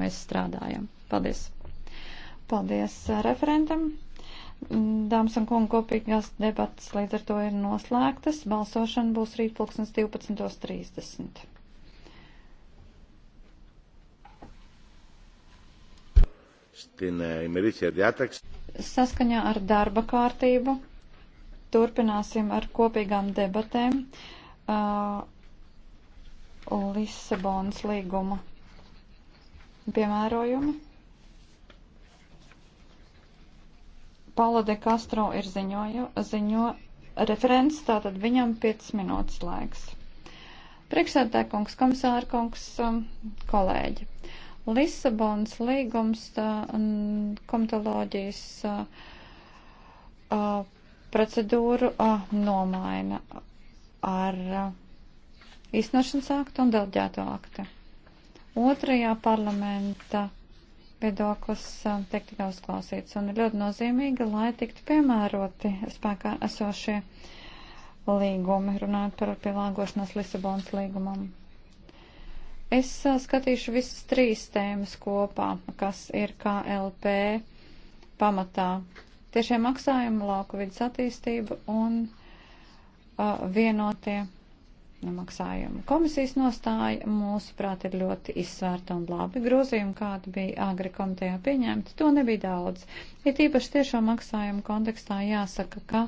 mēs strādājam. Paldies! Paldies uh, referentam! Mm, dāmas un kungi, kopīgās debatas līdz ar to ir noslēgtas. Balsošana būs rīt 12.30. Uh, Saskaņā ar darba kārtību turpināsim ar kopīgām debatēm uh, Lisabonas līguma piemērojumi. Paula de Castro ir ziņoju, ziņo referents, tātad viņam 5 minūtes laiks. Priekšsēdētāj kungs, komisāra kungs, um, kolēģi. Lisabonas līgums komitoloģijas uh, uh, procedūru uh, nomaina ar iznošanas aktu un delģēto aktu. Otrajā parlamenta viedoklis um, tiek tikai uzklausīts un ir ļoti nozīmīgi, lai tiktu piemēroti spēkā esošie līgumi, runājot par pielāgošanos Lisabonas līgumam. Es uh, skatīšu visas trīs tēmas kopā, kas ir KLP pamatā. Tiešie maksājumi, lauku vidas attīstība un uh, vienotie maksājumu. Komisijas nostāja mūsuprāt ir ļoti izsvērta un labi. Grozījumi, kāda bija agri komitejā pieņemta, to nebija daudz. Ir tīpaši tiešo maksājumu kontekstā jāsaka, ka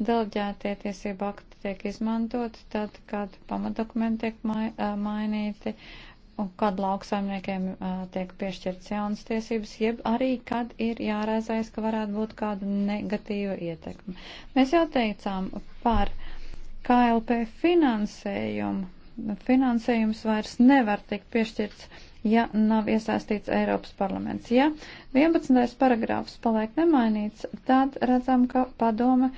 deleģētie tiesību akti tiek izmantoti tad, kad pamatdokumenti tiek mai, mainīti, un kad lauksaimniekiem tiek piešķirts jaunas tiesības, jeb arī, kad ir jāraizais, ka varētu būt kāda negatīva ietekme. Mēs jau teicām par KLP finansējumu. Finansējums vairs nevar tikt piešķirts, ja nav iesaistīts Eiropas parlaments. Ja 11. paragrāfs paliek nemainīts, tad redzam, ka padome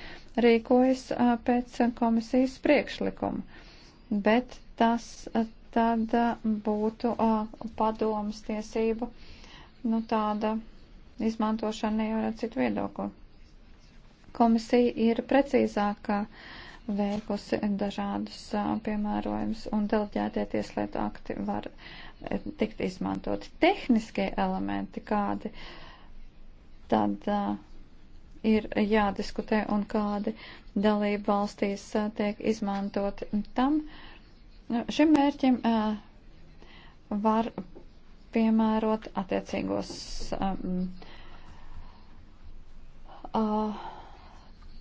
rīkojas pēc komisijas priekšlikuma. Bet tas tad būtu padomas tiesību nu, tāda izmantošana, nevarētu citu viedokli. Komisija ir precīzākā. Uh, veikusi dažādus piemērojumus, un deleģētie tieslietu akti var tikt izmantoti. Tehniskie elementi kādi tad uh, ir jādiskutē un kādi dalību valstīs uh, tiek izmantoti. Tam šim mērķim uh, var piemērot attiecīgos um, uh,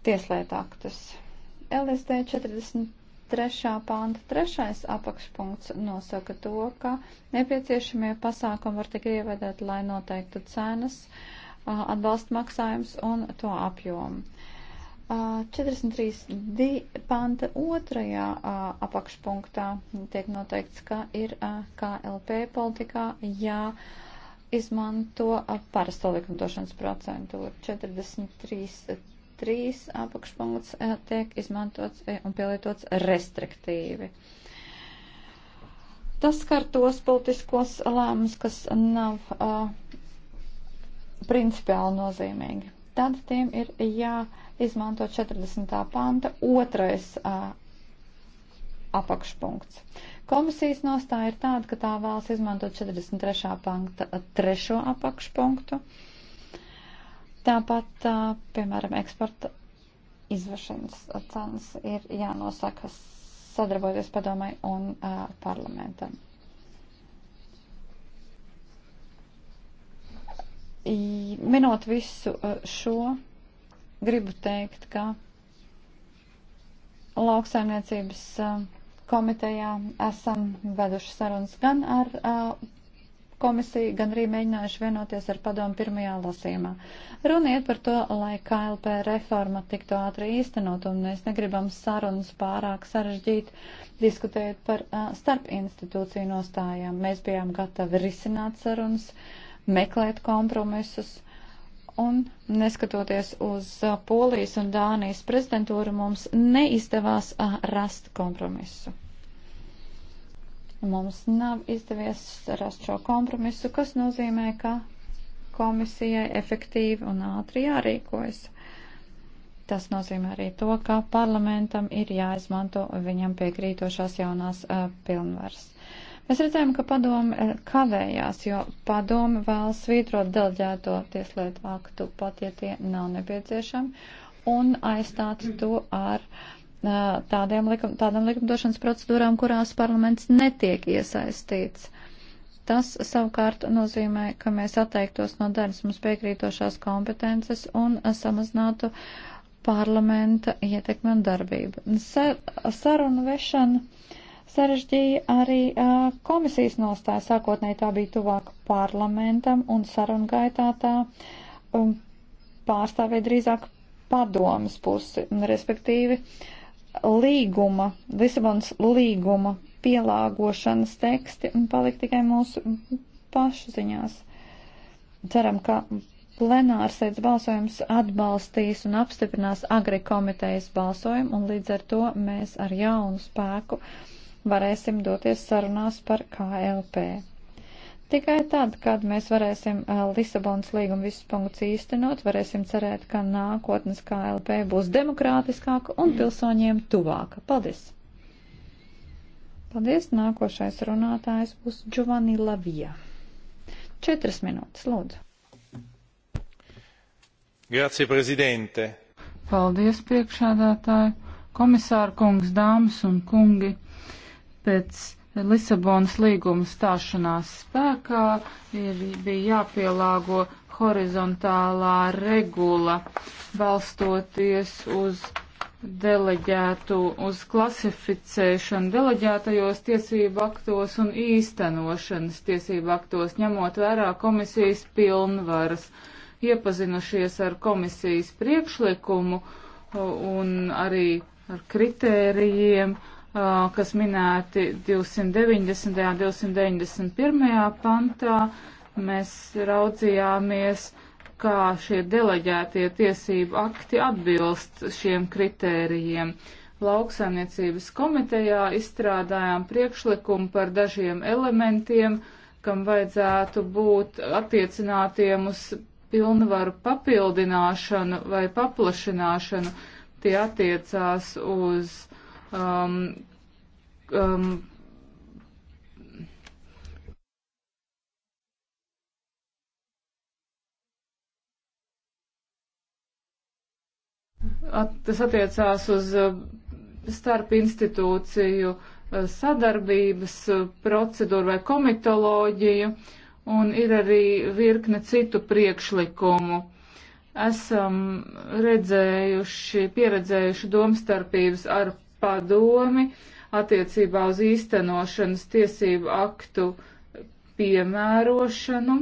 tieslietu aktus. LSD 43. pānta trešais apakšpunkts nosaka to, ka nepieciešamie pasākumi var tik ievedēt, lai noteiktu cenas, atbalsta maksājums un to apjomu. 43. panta otrajā apakšpunktā tiek noteikts, ka ir KLP politikā jāizmanto parasto likumdošanas procentūru 43 trīs apakšpunkts e, tiek izmantots e, un pielietots restriktīvi. Tas skar tos politiskos lēmumus, kas nav uh, principiāli nozīmīgi. Tad tiem ir jāizmanto 40. panta otrais uh, apakšpunkts. Komisijas nostāja ir tāda, ka tā vēlas izmantot 43. panta trešo apakšpunktu. Uh, Tāpat, piemēram, eksporta izvešanas cenas ir jānosaka sadarbojoties padomai un uh, parlamentam. Minot visu šo, gribu teikt, ka lauksaimniecības komitejā esam veduši sarunas gan ar uh, komisija, gan arī mēģinājuši vienoties ar padomu pirmajā lasījumā. Runiet par to, lai KLP reforma tiktu ātri īstenot, un mēs negribam sarunas pārāk sarežģīt, diskutējot par uh, starp institūciju nostājām. Mēs bijām gatavi risināt sarunas, meklēt kompromisus, un neskatoties uz uh, Polijas un Dānijas prezidentūru, mums neizdevās uh, rast kompromisu. Mums nav izdevies rast šo kompromisu, kas nozīmē, ka komisijai efektīvi un ātri jārīkojas. Tas nozīmē arī to, ka parlamentam ir jāizmanto viņam piekrītošās jaunās uh, pilnvaras. Mēs redzējām, ka padome kavējās, jo padome vēl svītrot delģēto tieslietu aktu, pat ja tie nav nepieciešami, un aizstāt to ar uh, tādiem likum, tādām likumdošanas procedūrām, kurās parlaments netiek iesaistīts. Tas savukārt nozīmē, ka mēs atteiktos no daļas mums piekrītošās kompetences un samazinātu parlamenta ietekmi un darbību. Sar, sarunu vešana sarežģīja arī uh, komisijas nostāja. Sākotnēji tā bija tuvāk parlamentam un sarunu gaitā tā um, pārstāvēja drīzāk padomas pusi, respektīvi uh, līguma, Lisabons līguma pielāgošanas teksti un palikt tikai mūsu pašu ziņās. Ceram, ka plenārsēdz balsojums atbalstīs un apstiprinās agri komitejas balsojumu, un līdz ar to mēs ar jaunu spēku varēsim doties sarunās par KLP. Tikai tad, kad mēs varēsim eh, Lisabonas līgumu visus punktus īstenot, varēsim cerēt, ka nākotnes KLP būs demokrātiskāka un pilsoņiem tuvāka. Paldies! Paldies! Nākošais runātājs būs Giovanni Lavija. Četras minūtes, lūdzu. Grazie, prezidente! Paldies, priekšādātāji! Komisāra kungs, dāmas un kungi! Pēc Lisabonas līguma stāšanās spēkā ir, bija jāpielāgo horizontālā regula, balstoties uz deleģētu, uz klasificēšanu deleģētajos tiesību aktos un īstenošanas tiesību aktos, ņemot vērā komisijas pilnvaras, iepazinušies ar komisijas priekšlikumu uh, un arī ar kritērijiem. Uh, kas minēti 290. un 291. pantā, mēs raudzījāmies, kā šie deleģētie tiesību akti atbilst šiem kritērijiem. Lauksaimniecības komitejā izstrādājām priekšlikumu par dažiem elementiem, kam vajadzētu būt attiecinātiem uz pilnvaru papildināšanu vai paplašināšanu. Tie attiecās uz um, um, At, tas attiecās uz uh, starp institūciju uh, sadarbības uh, procedūru vai komitoloģiju, un ir arī virkne citu priekšlikumu. Esam redzējuši, pieredzējuši domstarpības ar padomi attiecībā uz īstenošanas tiesību aktu piemērošanu.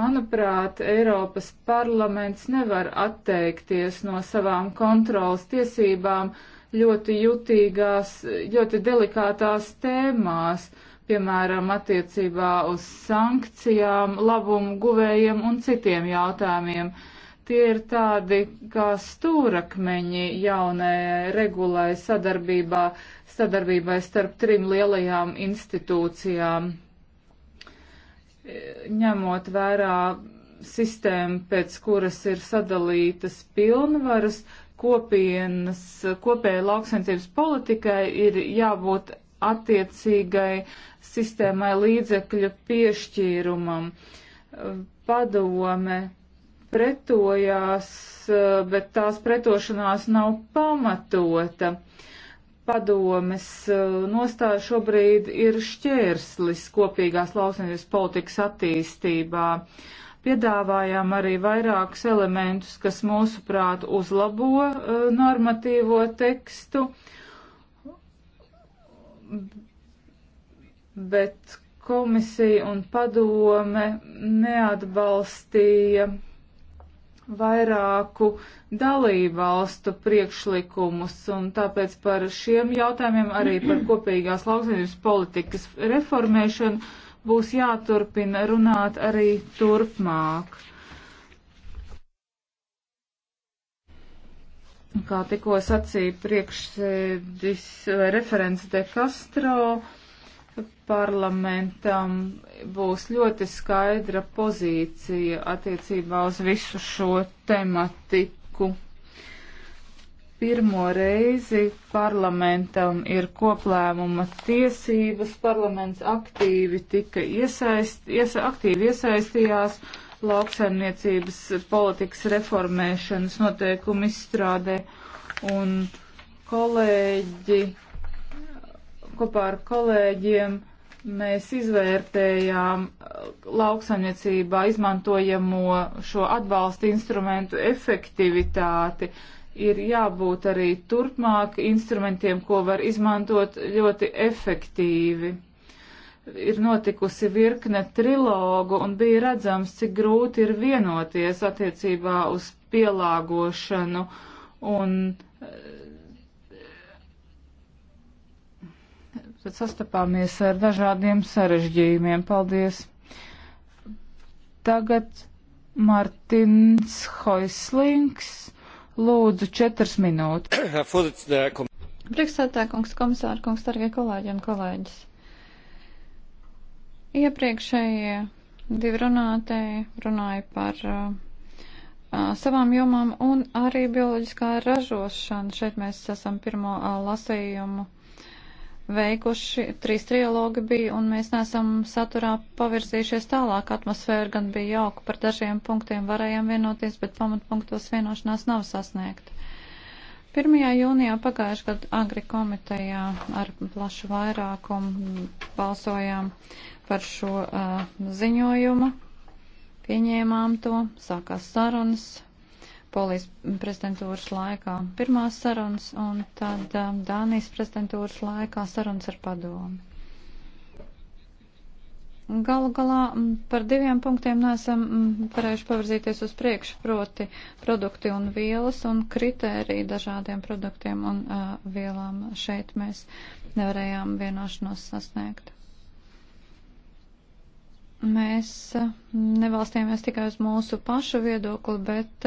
Manuprāt, Eiropas parlaments nevar atteikties no savām kontrolas tiesībām ļoti jutīgās, ļoti delikātās tēmās, piemēram, attiecībā uz sankcijām, labumu guvējiem un citiem jautājumiem. Tie ir tādi kā stūrakmeņi jaunajai regulai sadarbībā, sadarbībai starp trim lielajām institūcijām, ņemot vērā sistēmu, pēc kuras ir sadalītas pilnvaras, kopienas, kopēja lauksaimniecības politikai ir jābūt attiecīgai sistēmai līdzekļu piešķīrumam. Padome pretojās, eh, bet tās pretošanās nav pamatota. Padomes eh, nostāja šobrīd ir šķērslis kopīgās lauksaimniecības politikas attīstībā. Piedāvājām arī vairākus elementus, kas mūsuprāt uzlabo eh, normatīvo tekstu, bet komisija un padome neatbalstīja vairāku dalībvalstu priekšlikumus, un tāpēc par šiem jautājumiem arī par kopīgās lauksaimnības politikas reformēšanu būs jāturpina runāt arī turpmāk. Kā tikko sacīja priekšsēdis referents de Castro, parlamentam būs ļoti skaidra pozīcija attiecībā uz visu šo tematiku. Pirmo reizi parlamentam ir koplēmuma tiesības, parlaments aktīvi tika iesaist, iesa, aktīvi iesaistījās lauksaimniecības politikas reformēšanas noteikumu izstrādē un kolēģi kopā ar kolēģiem mēs izvērtējām uh, lauksaimniecībā izmantojamo šo atbalsta instrumentu efektivitāti. Ir jābūt arī turpmāk instrumentiem, ko var izmantot ļoti efektīvi. Ir notikusi virkne trilogu un bija redzams, cik grūti ir vienoties attiecībā uz pielāgošanu un uh, tad sastapāmies ar dažādiem sarežģījumiem. Paldies! Tagad Martins Hoislings, lūdzu, četras minūtes. Priekšsētā kungs, komisāra kungs, dargie kolēģi un kolēģis. Iepriekšējie divi runātēji runāja par uh, uh, savām jomām un arī bioloģiskā ražošana. Šeit mēs esam pirmo uh, lasējumu veikuši, trīs trialogi bija, un mēs nesam saturā pavirzījušies tālāk. Atmosfēra gan bija jauka, par dažiem punktiem varējām vienoties, bet pamatpunktos vienošanās nav sasniegta. 1. jūnijā pagājušajā gadā Agri komitejā ar plašu vairākumu balsojām par šo uh, ziņojumu, pieņēmām to, sākās sarunas, Polijas prezidentūras laikā pirmās sarunas un tad um, Dānijas prezidentūras laikā sarunas ar padomu. Galu galā mm, par diviem punktiem nesam mm, varējuši pavirzīties uz priekšu, proti produkti un vielas un kritēriji dažādiem produktiem un uh, vielām. Šeit mēs nevarējām vienošanos sasniegt mēs nevalstījāmies tikai uz mūsu pašu viedokli, bet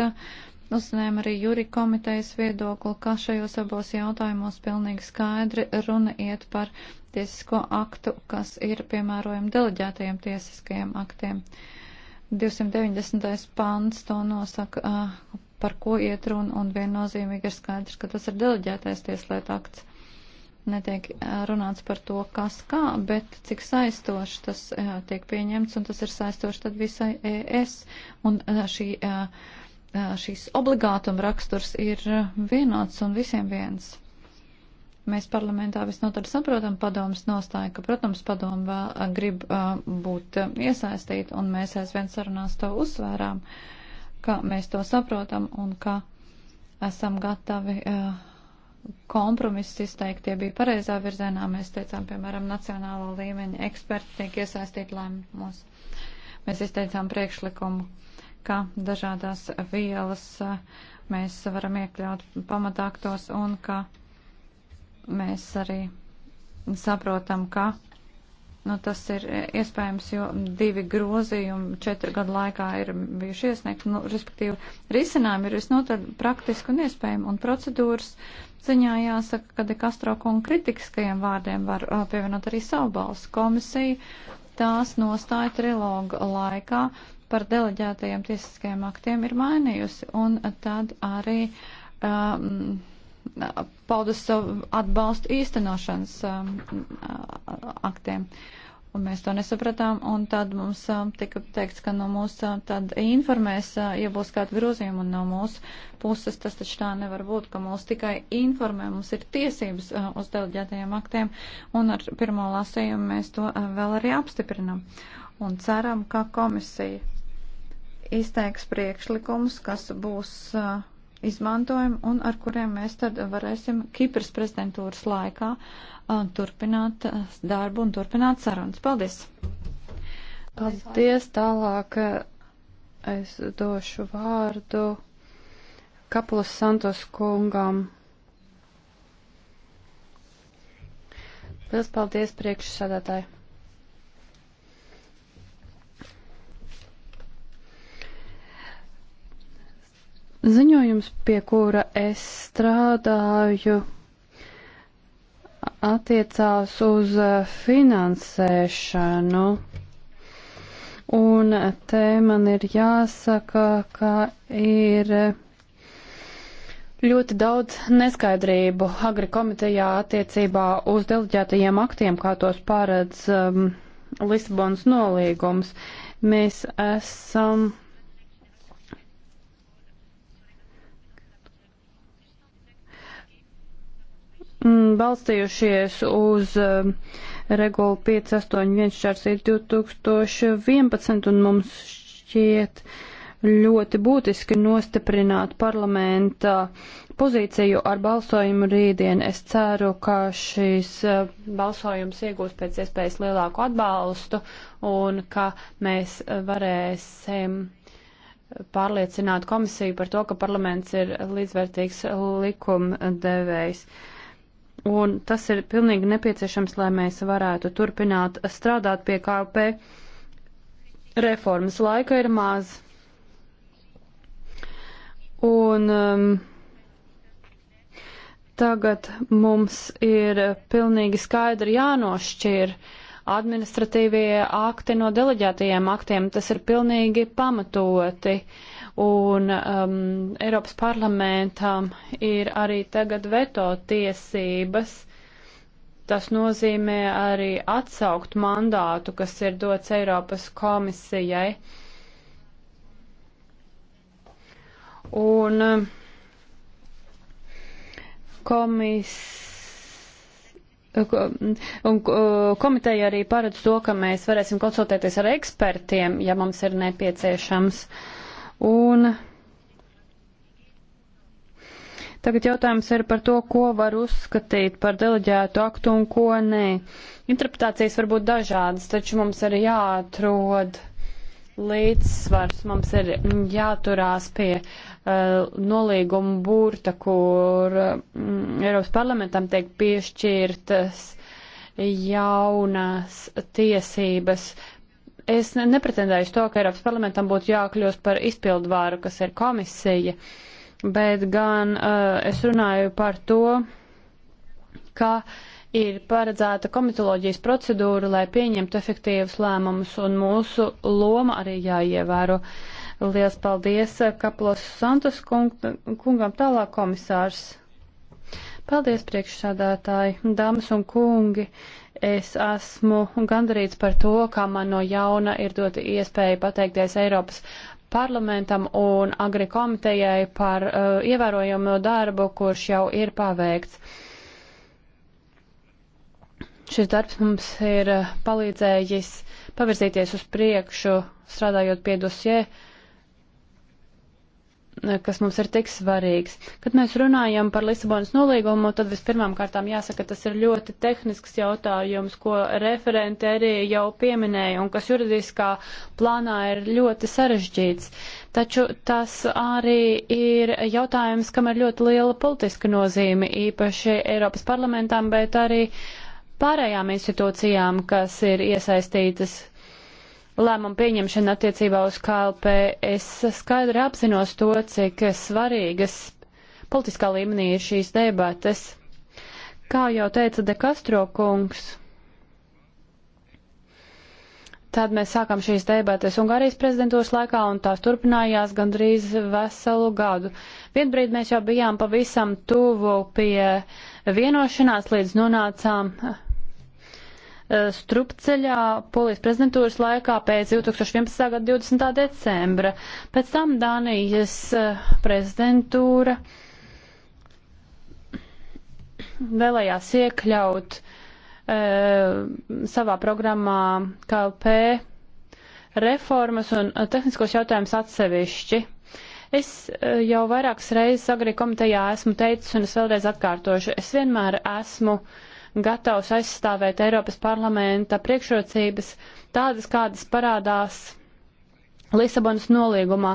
Uzzinājām arī jūri komitejas viedokli, ka šajos abos jautājumos pilnīgi skaidri runa iet par tiesisko aktu, kas ir piemērojami deleģētajiem tiesiskajiem aktiem. 290. pants to nosaka, par ko iet runa, un viennozīmīgi ir skaidrs, ka tas ir deleģētais tieslietu akts netiek runāts par to, kas kā, bet cik saistoši tas tiek pieņemts, un tas ir saistoši tad visai ES. Un šī uh, šīs obligātuma raksturs ir vienots un visiem viens. Mēs parlamentā visnotaļ saprotam padomas nostāju, ka, protams, padoma vēl grib uh, būt uh, iesaistīta, un mēs aizvien sarunās to uzsvērām, ka mēs to saprotam un ka esam gatavi uh, kompromisus izteikt. Tie bija pareizā virzienā. Mēs teicām, piemēram, nacionālā līmeņa eksperti tiek iesaistīti lēmumos. Mēs izteicām priekšlikumu ka dažādās vielas mēs varam iekļaut pamataktos un ka mēs arī saprotam, ka nu, tas ir iespējams, jo divi grozījumi četru gadu laikā ir bijuši iesniegti, nu, respektīvi risinājumi ir visnotaļ praktiski un iespējami, un procedūras ziņā jāsaka, ka de Castro kunga kritiskajiem vārdiem var pievienot arī savu balsu komisiju. Tās nostāja trilogu laikā par deleģētajiem tiesiskajiem aktiem ir mainījusi, un tad arī um, pauda savu atbalstu īstenošanas um, aktiem. Un mēs to nesapratām, un tad mums um, tika teikts, ka no mūsu um, tad informēs, uh, ja būs kāda grozījuma, un no mūsu puses tas taču tā nevar būt, ka mūs tikai informē, mums ir tiesības uh, uz deleģētajiem aktiem, un ar pirmo lasījumu mēs to uh, vēl arī apstiprinam. Un ceram, ka komisija izteiks priekšlikums, kas būs uh, izmantojumi un ar kuriem mēs tad varēsim Kipras prezidentūras laikā uh, turpināt uh, darbu un turpināt sarunas. Paldies! Paldies! Tālāk es došu vārdu Kapulas Santos kungam. Liels paldies priekšsādātāji! Ziņojums, pie kura es strādāju, attiecās uz eh, finansēšanu. Un eh, te man ir jāsaka, ka ir eh, ļoti daudz neskaidrību Agri komitejā attiecībā uz deleģētajiem aktiem, kā tos paredz um, Lisabonas nolīgums. Mēs esam Mm, balstījušies uz um, regulu 5814 2011 un mums šķiet ļoti būtiski nostiprināt parlamenta pozīciju ar balsojumu rītdien. Es ceru, ka šīs uh, balsojums iegūs pēc iespējas lielāku atbalstu un ka mēs varēsim pārliecināt komisiju par to, ka parlaments ir līdzvērtīgs likuma devējs. Uh, Un tas ir pilnīgi nepieciešams, lai mēs varētu turpināt strādāt pie KLP reformas. Laika ir maz. Un um, tagad mums ir pilnīgi skaidri jānošķir administratīvie akti no deleģētajiem aktiem. Tas ir pilnīgi pamatoti. Uh, Un um, Eiropas parlamentam ir arī tagad veto tiesības. Tas nozīmē arī atsaukt mandātu, kas ir dots Eiropas komisijai. Un um, komisija un uh, komiteja arī paredz to, ka mēs varēsim konsultēties ar ekspertiem, ja mums ir nepieciešams. Uh, Un Tagad jautājums ir par to, ko var uzskatīt par deleģētu aktu un ko nē. Interpretācijas var būt dažādas, taču mums ir jāatrod līdzsvars, mums ir jāturās pie uh, nolīguma burta, kur uh, Eiropas parlamentam tiek piešķirtas jaunas tiesības Es nepretendēju to, ka Eiropas parlamentam būtu jākļūst par izpildvāru, kas ir komisija, bet gan uh, es runāju par to, ka ir paredzēta komitoloģijas procedūra, lai pieņemtu efektīvus lēmumus, un mūsu loma arī jāievēro. Lielas paldies uh, Kaplos Santos kung, kungam tālāk komisārs. Paldies priekšsādātāji, dāmas un kungi. Uh, es esmu gandarīts par to, ka man no jauna ir dota iespēja pateikties Eiropas parlamentam un agri komitejai par uh, ievērojamo darbu, kurš jau ir paveikts. Šis darbs mums ir uh, palīdzējis pavirzīties uz priekšu, strādājot pie dosie, uh, kas mums ir tik svarīgs. Kad mēs runājam par Lisabonas nolīgumu, tad vispirmām kārtām jāsaka, tas ir ļoti tehnisks jautājums, ko referente arī jau pieminēja un kas juridiskā plānā ir ļoti sarežģīts. Taču tas arī ir jautājums, kam ir ļoti liela politiska nozīme, īpaši Eiropas parlamentām, bet arī pārējām institūcijām, kas ir iesaistītas lēmumu pieņemšanu attiecībā uz KLP, es skaidri apzinos to, cik svarīgas politiskā līmenī ir šīs debates. Kā jau teica De Castro kungs, tad mēs sākam šīs debates Ungārijas prezidentūras laikā, un tās turpinājās gandrīz veselu gadu. Vienbrīd mēs jau bijām pavisam tuvu pie vienošanās, līdz nonācām Eh, strupceļā polijas prezidentūras laikā pēc 2011. gada 20. decembra. Pēc tam Dānijas eh, prezidentūra vēlējās iekļaut eh, savā programmā KLP reformas un tehniskos jautājumus atsevišķi. Es jau vairākas reizes agri komitejā esmu teicis, un es vēlreiz atkārtošu, es vienmēr esmu uh, gatavs aizstāvēt Eiropas parlamenta priekšrocības, tādas, kādas parādās Lisabonas nolīgumā,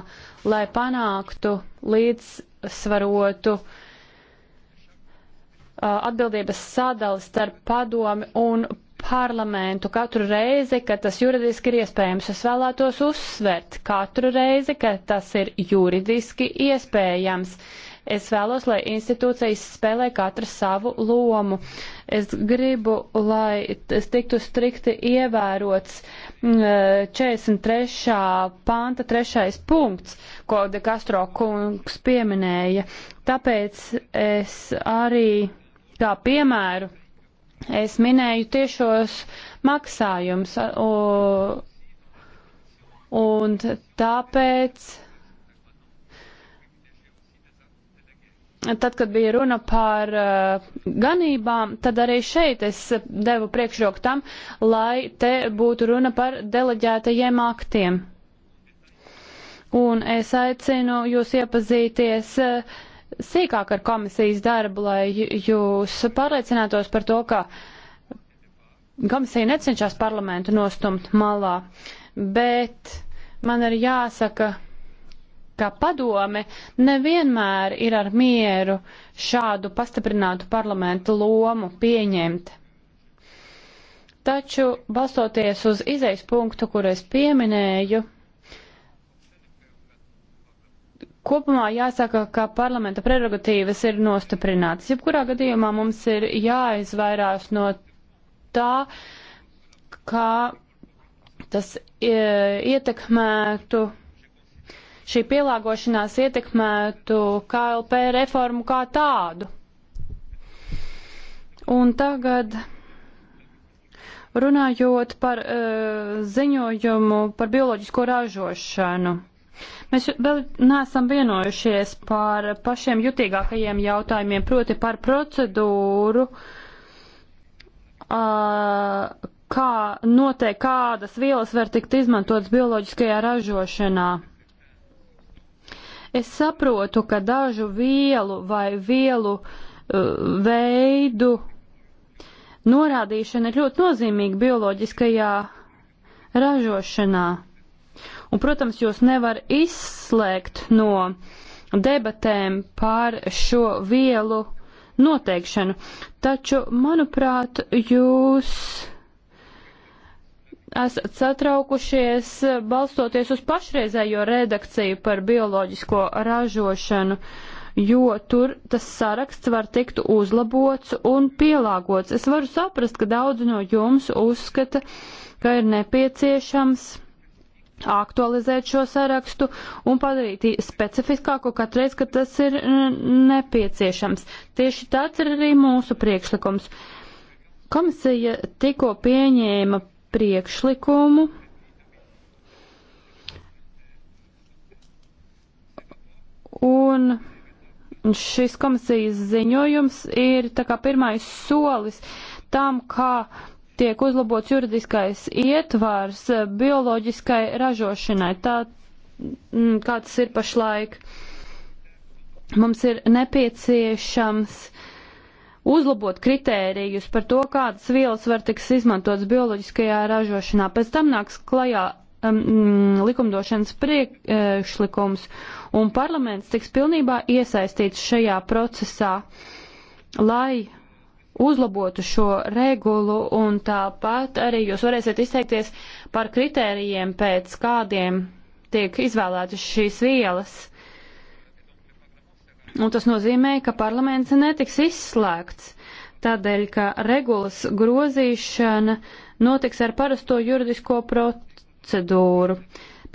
lai panāktu līdzsvarotu uh, atbildības sadali starp padomi un parlamentu katru reizi, kad tas juridiski ir iespējams. Es vēlētos uzsvert katru reizi, ka tas ir juridiski iespējams. Uh, Es vēlos, lai institūcijas spēlē katra savu lomu. Es gribu, lai tas tiktu strikti ievērots 43. Mm, panta trešais punkts, ko De Castro kungs pieminēja. Tāpēc es arī kā piemēru es minēju tiešos maksājums, un, un tāpēc tad, kad bija runa par uh, ganībām, tad arī šeit es devu priekšroku tam, lai te būtu runa par deleģētajiem aktiem. Un es aicinu jūs iepazīties uh, sīkāk ar komisijas darbu, lai jūs pārliecinātos par to, ka komisija necenšas parlamentu nostumt malā, bet man ir jāsaka, ka padome nevienmēr ir ar mieru šādu pastiprinātu parlamentu lomu pieņemt. Taču, balstoties uz izejas punktu, kur es pieminēju, kopumā jāsaka, ka parlamenta prerogatīvas ir nostiprinātas. Jebkurā gadījumā mums ir jāizvairās no tā, kā tas e, ietekmētu šī pielāgošanās ietekmētu KLP reformu kā tādu. Un tagad runājot par uh, ziņojumu par bioloģisko ražošanu. Mēs vēl neesam vienojušies par pašiem jutīgākajiem jautājumiem, proti par procedūru, uh, kā noteikti kādas vielas var tikt izmantotas bioloģiskajā ražošanā. Es saprotu, ka dažu vielu vai vielu uh, veidu norādīšana ir ļoti nozīmīga bioloģiskajā ražošanā. Un, protams, jūs nevar izslēgt no debatēm par šo vielu noteikšanu, taču, manuprāt, jūs esat satraukušies balstoties uz pašreizējo redakciju par bioloģisko ražošanu, jo tur tas saraksts var tikt uzlabots un pielāgots. Es varu saprast, ka daudz no jums uzskata, ka ir nepieciešams aktualizēt šo sarakstu un padarīt specifiskāku katreiz, kad tas ir nepieciešams. Tieši tāds ir arī mūsu priekšlikums. Komisija tikko pieņēma priekšlikumu. Un šis komisijas ziņojums ir tā kā pirmais solis tam, kā tiek uzlabots juridiskais ietvars bioloģiskai ražošanai, tā mm, kā tas ir pašlaik. Mums ir nepieciešams uh, uzlabot kritērijus par to, kādas vielas var tiks izmantotas bioloģiskajā ražošanā. Pēc tam nāks klajā um, mm, likumdošanas priekšlikums, un parlaments tiks pilnībā iesaistīts šajā procesā, lai uzlabotu šo regulu, un tāpat arī jūs varēsiet izteikties par kritērijiem, pēc kādiem tiek izvēlētas šīs vielas. Un tas nozīmē, ka parlaments netiks izslēgts, tādēļ, ka regulas grozīšana notiks ar parasto juridisko procedūru.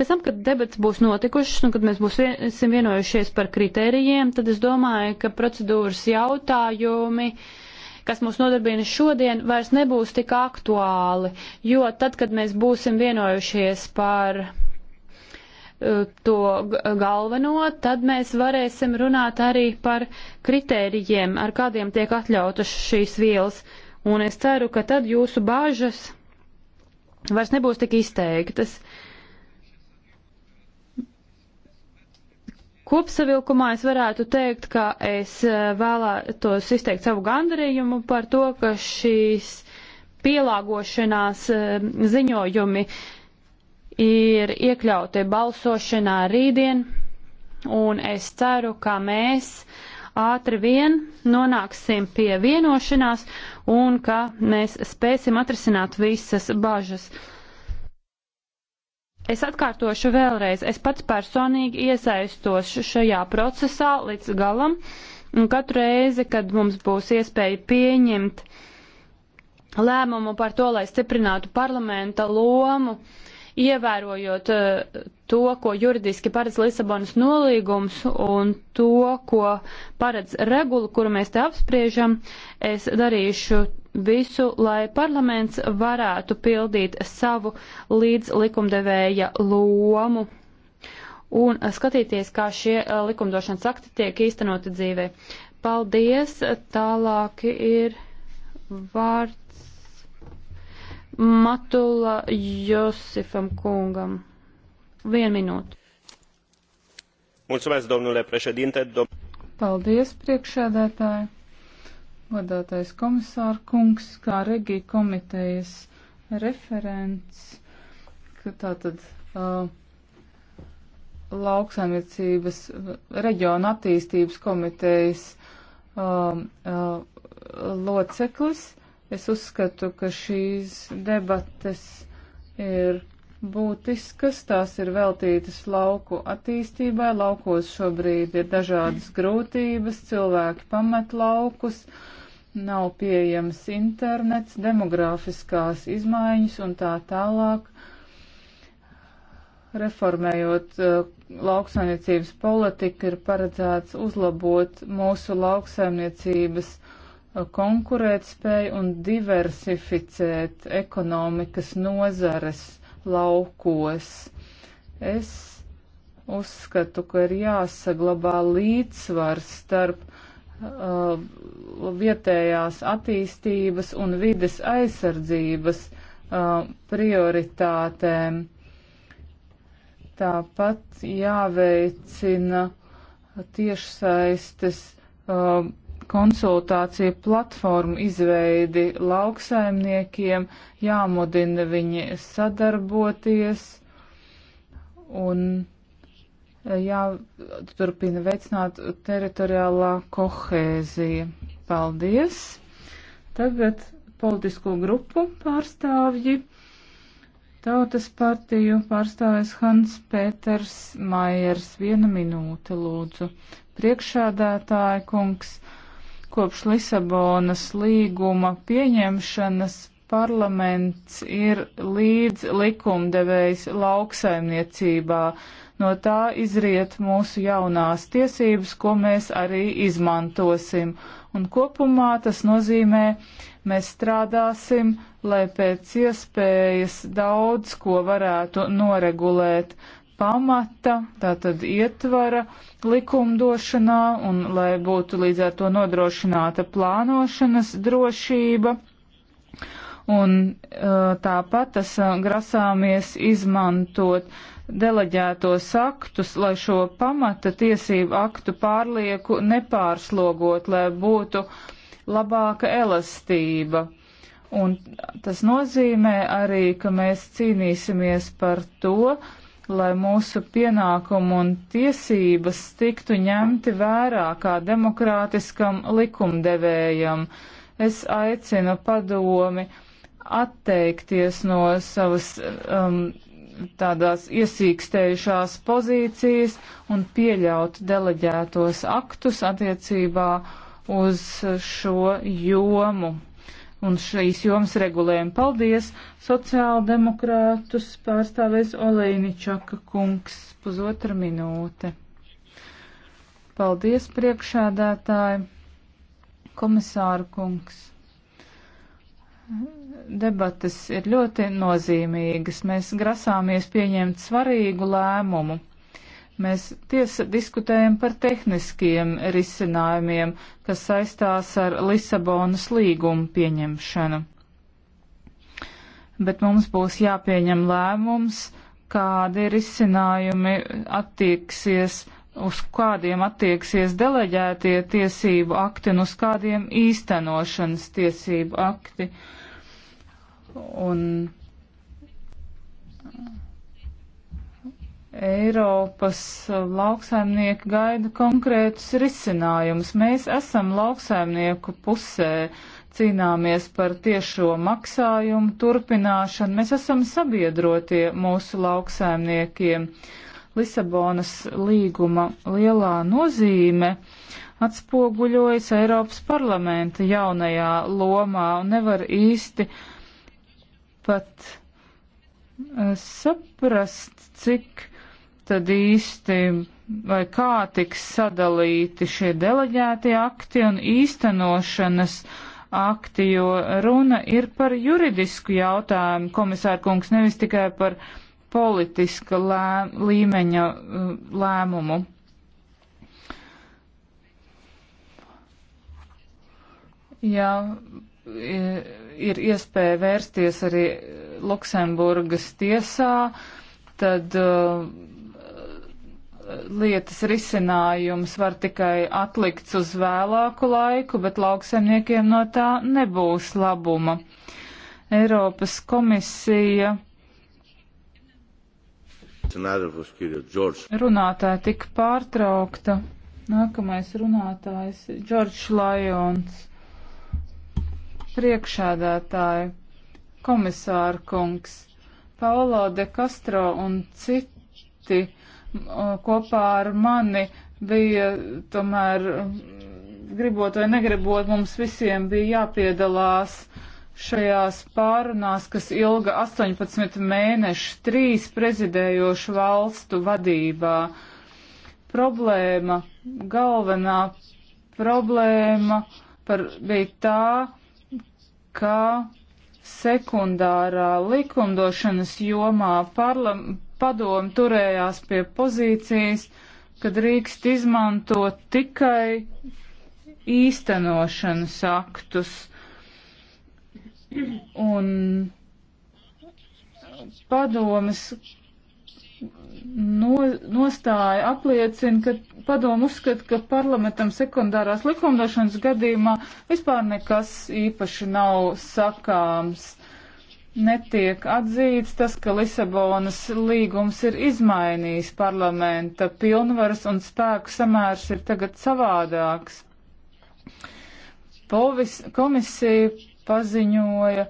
Pēc tam, kad debats būs notikušas un kad mēs būsim vienojušies par kritērijiem, tad es domāju, ka procedūras jautājumi uh, kas mūs nodarbina šodien, vairs nebūs tik aktuāli, jo tad, kad mēs būsim vienojušies par to galveno, tad mēs varēsim runāt arī par kritērijiem, ar kādiem tiek atļautas šīs vielas. Un es ceru, ka tad jūsu bāžas vairs nebūs tik izteiktas. Kopsavilkumā es varētu teikt, ka es eh, vēlētos izteikt savu gandarījumu par to, ka šīs pielāgošanās eh, ziņojumi uh, ir iekļauti balsošanā rītdien, un es ceru, ka mēs ātri vien nonāksim pie vienošanās un ka mēs spēsim atrisināt visas bažas. Es atkārtošu vēlreiz, es pats personīgi iesaistos šajā procesā līdz galam, un katru reizi, kad mums būs iespēja pieņemt lēmumu par to, lai stiprinātu parlamenta lomu, uh, ievērojot eh, to, ko juridiski paredz Lisabonas nolīgums un to, ko paredz regula, kuru mēs te apspriežam, es darīšu visu, lai parlaments varētu pildīt savu līdz likumdevēja lomu un skatīties, kā šie eh, likumdošanas akti tiek īstenoti dzīvē. Paldies! Tālāk ir vārds. Matula Josifam kungam. Vienu minūtu. Mulțumesc, domnule președinte. Dom Paldies, priekšēdētāji. Godātais komisār kungs, kā Regija komitejas referents, ka tātad uh, lauksaimniecības reģiona attīstības komitejas uh, uh, loceklis. Uh, Es uzskatu, ka šīs debates ir būtiskas, tās ir veltītas lauku attīstībai. Laukos šobrīd ir dažādas grūtības, cilvēki pamet laukus, nav pieejams internets, demografiskās izmaiņas un tā tālāk. Reformējot uh, lauksaimniecības politiku, ir paredzēts uzlabot mūsu lauksaimniecības politiku konkurētspēju un diversificēt ekonomikas nozares laukos. Es uzskatu, ka ir jāsaglabā līdzsvars starp uh, vietējās attīstības un vides aizsardzības uh, prioritātēm. Tāpat jāveicina tiešsaistes uh, konsultāciju platformu izveidi lauksaimniekiem, jāmudina viņi sadarboties un e, jāturpina veicināt teritoriālā kohēzija. Paldies! Tagad politisko grupu pārstāvji. Tautas partiju pārstāvis Hans Pēters Maiers. Viena minūte, lūdzu. Priekšādātāja kungs. Kopš Lisabonas līguma pieņemšanas parlaments ir līdz likumdevējs lauksaimniecībā. No tā izriet mūsu jaunās tiesības, ko mēs arī izmantosim. Un kopumā tas nozīmē, mēs strādāsim, lai pēc iespējas daudz ko varētu noregulēt, pamata, tātad ietvara likumdošanā un lai būtu līdz ar to nodrošināta plānošanas drošība. Un tāpat tas grasāmies izmantot deleģētos aktus, lai šo pamata tiesību aktu pārlieku nepārslogot, lai būtu labāka elastība. Un tas nozīmē arī, ka mēs cīnīsimies par to, uh, lai mūsu pienākumu un tiesības tiktu ņemti vērā kā demokrātiskam likumdevējam. Es aicinu padomi atteikties no savas um, tādās iesīkstējušās pozīcijas un pieļaut deleģētos aktus attiecībā uz šo jomu un šīs jomas regulējumu. Paldies! Sociāldemokrātus pārstāvēs Olēničaka kungs pusotra minūte. Paldies, priekšādātāji, komisāru kungs. Debates ir ļoti nozīmīgas. Mēs grasāmies pieņemt svarīgu lēmumu Mēs tiesa diskutējam par tehniskiem risinājumiem, kas saistās ar Lisabonas līgumu pieņemšanu. Bet mums būs jāpieņem lēmums, kādi risinājumi attieksies uz kādiem attieksies deleģētie tiesību akti un uz kādiem īstenošanas tiesību akti. Un Eiropas lauksaimnieki gaida konkrētus risinājumus. Mēs esam lauksaimnieku pusē, cīnāmies par tiešo maksājumu turpināšanu. Mēs esam sabiedrotie mūsu lauksaimniekiem. Lisabonas līguma lielā nozīme atspoguļojas Eiropas parlamenta jaunajā lomā un nevar īsti pat eh, saprast, cik tad īsti vai kā tiks sadalīti šie deleģētie akti un īstenošanas akti, jo runa ir par juridisku jautājumu, komisārkungs, nevis tikai par politiska lē, līmeņa uh, lēmumu. Jā, ir iespēja vērsties arī Luksemburgas tiesā, tad uh, lietas risinājums var tikai atlikts uz vēlāku laiku, bet lauksaimniekiem no tā nebūs labuma. Eiropas komisija. Runātāja tika pārtraukta. Nākamais runātājs - Džordžs Lajons, priekšādātāja, komisārkungs, Paulo de Castro un citi kopā ar mani bija tomēr, gribot vai negribot, mums visiem bija jāpiedalās šajās pārunās, kas ilga 18 mēnešu trīs prezidējošu valstu vadībā. Problēma, galvenā problēma par, bija tā, ka sekundārā likumdošanas jomā parlam, padomu turējās pie pozīcijas, kad rīkst izmantot tikai īstenošanas aktus. Un padomas no, nostāja apliecina, ka padomu uzskata, ka parlamentam sekundārās likumdošanas gadījumā vispār nekas īpaši nav sakāms netiek atzīts tas, ka Lisabonas līgums ir izmainījis parlamenta pilnvaras un spēku samērs ir tagad savādāks. Povis, komisija paziņoja,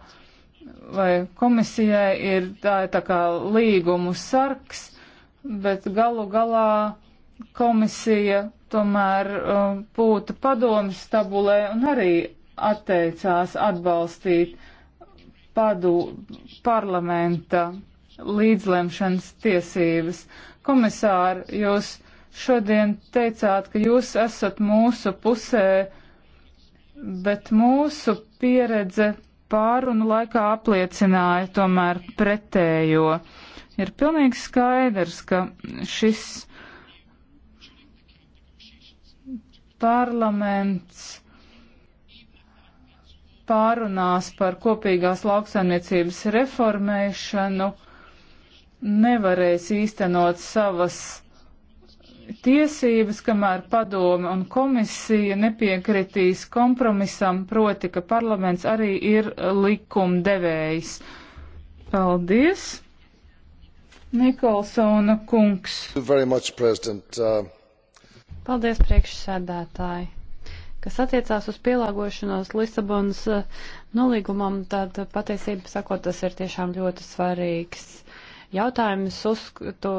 vai komisijai ir tā, tā kā līgumu sarks, bet galu galā komisija tomēr um, būtu padomas tabulē un arī atteicās atbalstīt uh, padu parlamenta līdzlemšanas tiesības. Komisāri, jūs šodien teicāt, ka jūs esat mūsu pusē, bet mūsu pieredze pārunu laikā apliecināja tomēr pretējo. Ir pilnīgi skaidrs, ka šis parlaments pārunās par kopīgās lauksaimniecības reformēšanu nevarēs īstenot savas tiesības, kamēr padome un komisija nepiekritīs kompromisam, proti, ka parlaments arī ir likumdevējs. Paldies! Nikolsona kungs. Much, uh... Paldies, priekšsēdētāji! kas attiecās uz pielāgošanos Lisabonas eh, nolīgumam, tad eh, patiesība sakot, tas ir tiešām ļoti svarīgs jautājums. Uzskatu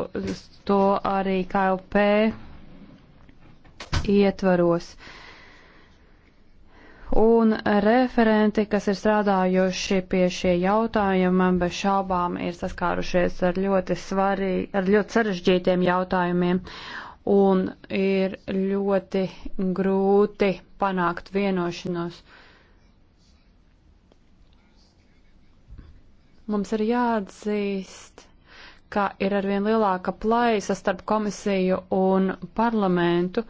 to arī KLP ietvaros. Un referenti, kas ir strādājuši pie šie jautājuma, bez šaubām ir saskārušies ar ļoti svarīgi, ar ļoti sarežģītiem jautājumiem un ir ļoti grūti panākt vienošanos. Mums ir jāatzīst, ka ir arvien lielāka plaisa starp komisiju un parlamentu.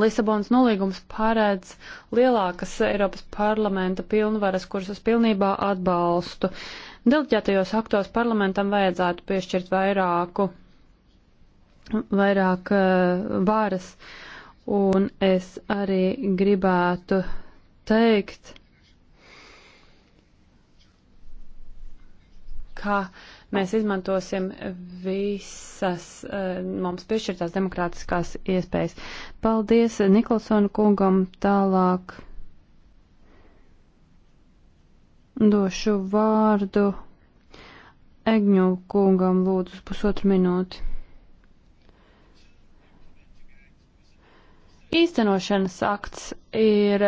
Lisabonas nolīgums paredz lielākas Eiropas parlamenta pilnvaras, kuras es pilnībā atbalstu. Uh, Delģētajos aktos parlamentam vajadzētu piešķirt vairāku, vairāk uh, varas, un es arī gribētu teikt, ka mēs izmantosim visas uh, mums piešķirtās demokrātiskās iespējas. Paldies Nikolsonu kungam tālāk. Došu vārdu Egņu kungam lūdzu pusotru minūti. Īstenošanas akts ir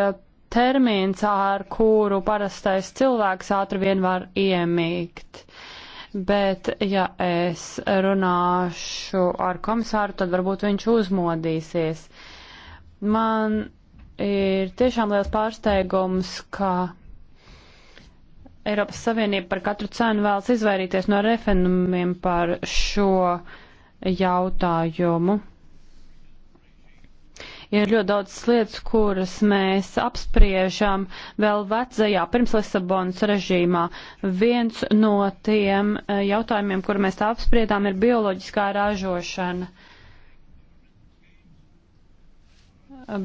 termins, ar kuru parastais cilvēks ātri vien var iemīgt. Bet, ja es runāšu ar komisāru, tad varbūt viņš uzmodīsies. Man ir tiešām liels pārsteigums, ka Eiropas Savienība par katru cenu vēlas izvairīties no referendumiem par šo jautājumu. Ir ļoti daudz lietas, kuras mēs apspriežam vēl vecajā pirms Lisabonas režīmā. Viens no tiem eh, jautājumiem, kur mēs tā apspriedām, ir bioloģiskā ražošana.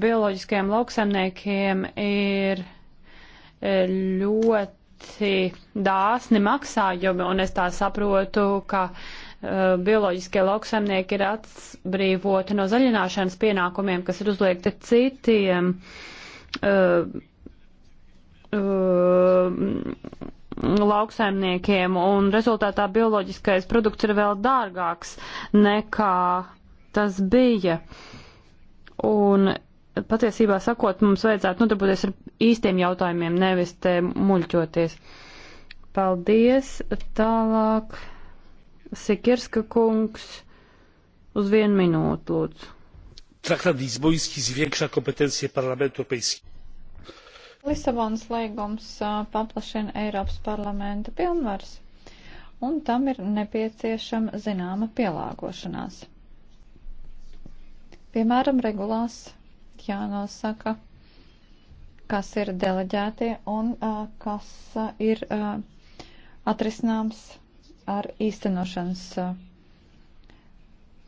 Bioloģiskajiem lauksaimniekiem ir eh, ļoti ļoti dāsni maksājumi, un es tā saprotu, ka uh, bioloģiskie lauksaimnieki ir atbrīvoti no zaļināšanas pienākumiem, kas ir uzliekti citiem uh, uh, lauksaimniekiem, un rezultātā bioloģiskais produkts ir vēl dārgāks nekā tas bija. Un patiesībā sakot, mums vajadzētu nodarboties ar īstiem jautājumiem, nevis te muļķoties. Paldies. Tālāk. Sikirska kungs. Uz vienu minūtu, lūdzu. Traktat Lizboński zwiększa kompetencje Parlamentu Europejskiego. Lisabonas līgums paplašina Eiropas parlamenta pilnvars, un tam ir nepieciešama zināma pielāgošanās. Piemēram, regulās jānosaka, kas ir deleģētie un uh, kas uh, ir uh, atrisināms ar īstenošanas uh,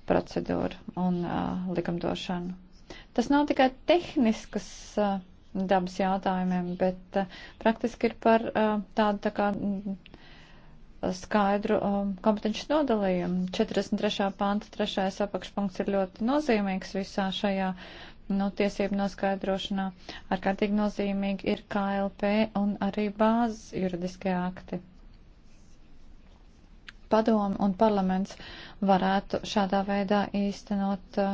procedūru un uh, likumdošanu. Tas nav tikai tehniskas uh, dabas jautājumiem, bet uh, praktiski ir par uh, tādu tā kā skaidru um, kompetenci nodalījumu. 43. panta trešais apakšpunkts ir ļoti nozīmīgs visā šajā nu, tiesību noskaidrošanā ārkārtīgi nozīmīgi ir KLP un arī bāzes juridiskie akti. Padomi un parlaments varētu šādā veidā īstenot uh,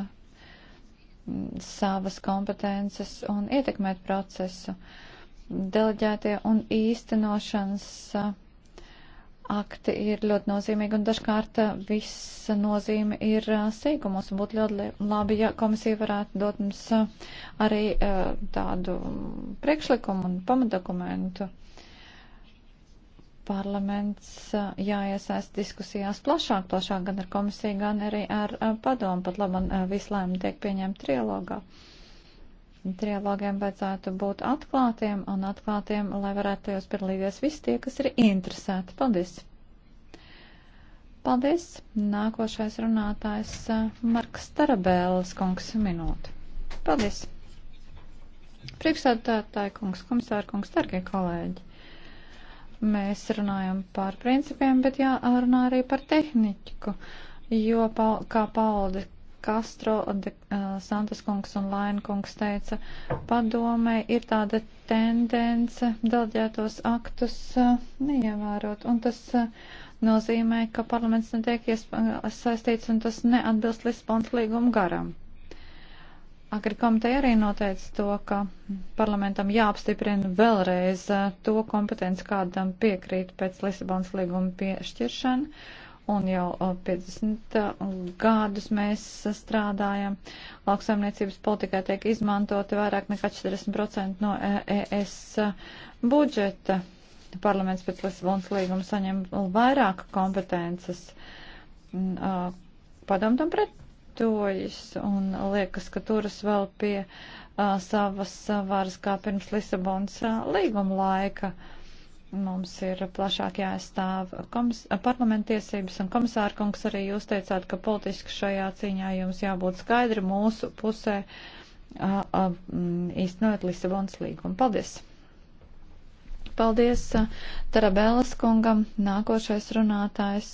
savas kompetences un ietekmēt procesu. Deleģētie un īstenošanas uh, akti ir ļoti nozīmīgi un dažkārt eh, viss nozīme ir eh, sīkumos. Būtu ļoti labi, ja komisija varētu dot mums eh, arī tādu priekšlikumu un pamatdokumentu. Parlaments jāiesaist diskusijās plašāk, plašāk gan ar komisiju, gan arī ar padomu, pat labam vislēm tiek pieņemt trilogā. Uh, Trialogiem vajadzētu būt atklātiem un atklātiem, lai varētu tajos piedalīties visi tie, kas ir interesēti. Paldies! Paldies! Nākošais runātājs eh, Marks Tarabēlis, kungs, minūte. Paldies! Priekšstādātāji, kungs, komisāri, kungs, dargie kolēģi! Mēs runājam par principiem, bet jārunā arī par tehniku, jo, kā Pauli Castro, de, uh, Santas kungs un Laina kungs teica, padomē ir tāda tendence delģētos aktus uh, neievērot. Un tas uh, nozīmē, ka parlaments netiek iesaistīts uh, un tas neatbilst Lisbonas līguma garam. Agri komiteja arī noteica to, ka parlamentam jāapstiprina vēlreiz uh, to kompetenci, kādam piekrīt pēc Lisabonas līguma piešķiršana un jau 50 uh, uh, gadus mēs strādājam. Lauksaimniecības politikai tiek izmantoti vairāk nekā 40% no uh, ES budžeta. Parlaments pēc Lisabonas līguma saņem vairāk kompetences. Padomu tam pretojas un liekas, ka turas vēl pie savas varas kā pirms Lisabonas līguma laika. Uh, Mums ir plašāk jāaizstāv parlamentiesības, un komisāra kungs arī jūs teicāt, ka politiski šajā cīņā jums jābūt skaidri mūsu pusē īstenot Lisabonas līgumu. Paldies! Paldies Tarabēlas kungam. Nākošais runātājs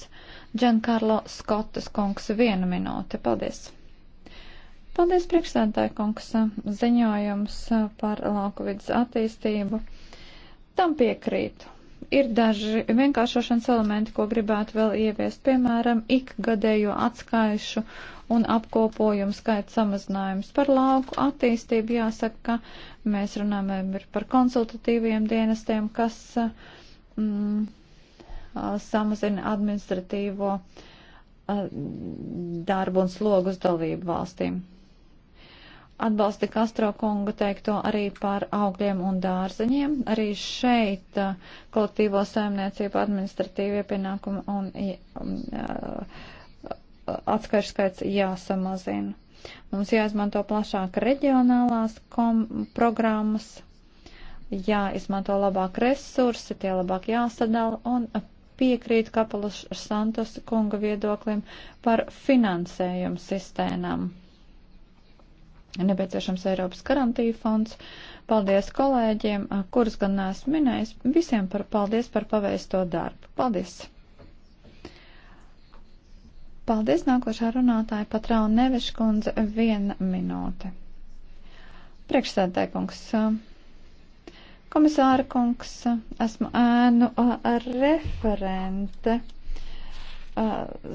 Džankarlo Skotas kungs. Vienu minūti. Paldies! Paldies, priekšsēdētāji kungs. Ziņojums par lauku vidas attīstību Tam piekrītu. Ir daži vienkāršošanas elementi, ko gribētu vēl ieviest, piemēram, ikgadējo atskaišu un apkopojumu skaita samazinājums par lauku attīstību. Jāsaka, ka mēs runājam par konsultatīviem dienestiem, kas mm, samazina administratīvo darbu un slogus dalību valstīm atbalsta Kastro kunga teikto arī par augļiem un dārzeņiem. Arī šeit uh, kolektīvo saimniecību administratīvie pienākumi un uh, atskaišu skaits jāsamazina. Mums jāizmanto plašāk reģionālās programmas, jāizmanto labāk resursi, tie labāk jāsadala un piekrīt Kapalas Santos kunga viedoklim par finansējumu sistēmām nepieciešams Eiropas garantija fonds. Paldies kolēģiem, kurus gan neesmu minējis. Visiem par paldies par paveisto darbu. Paldies! Paldies nākošā runātāja Patrau Neveškundze viena minūte. Priekšsēdētāj kungs, komisāra kungs, esmu ēnu referente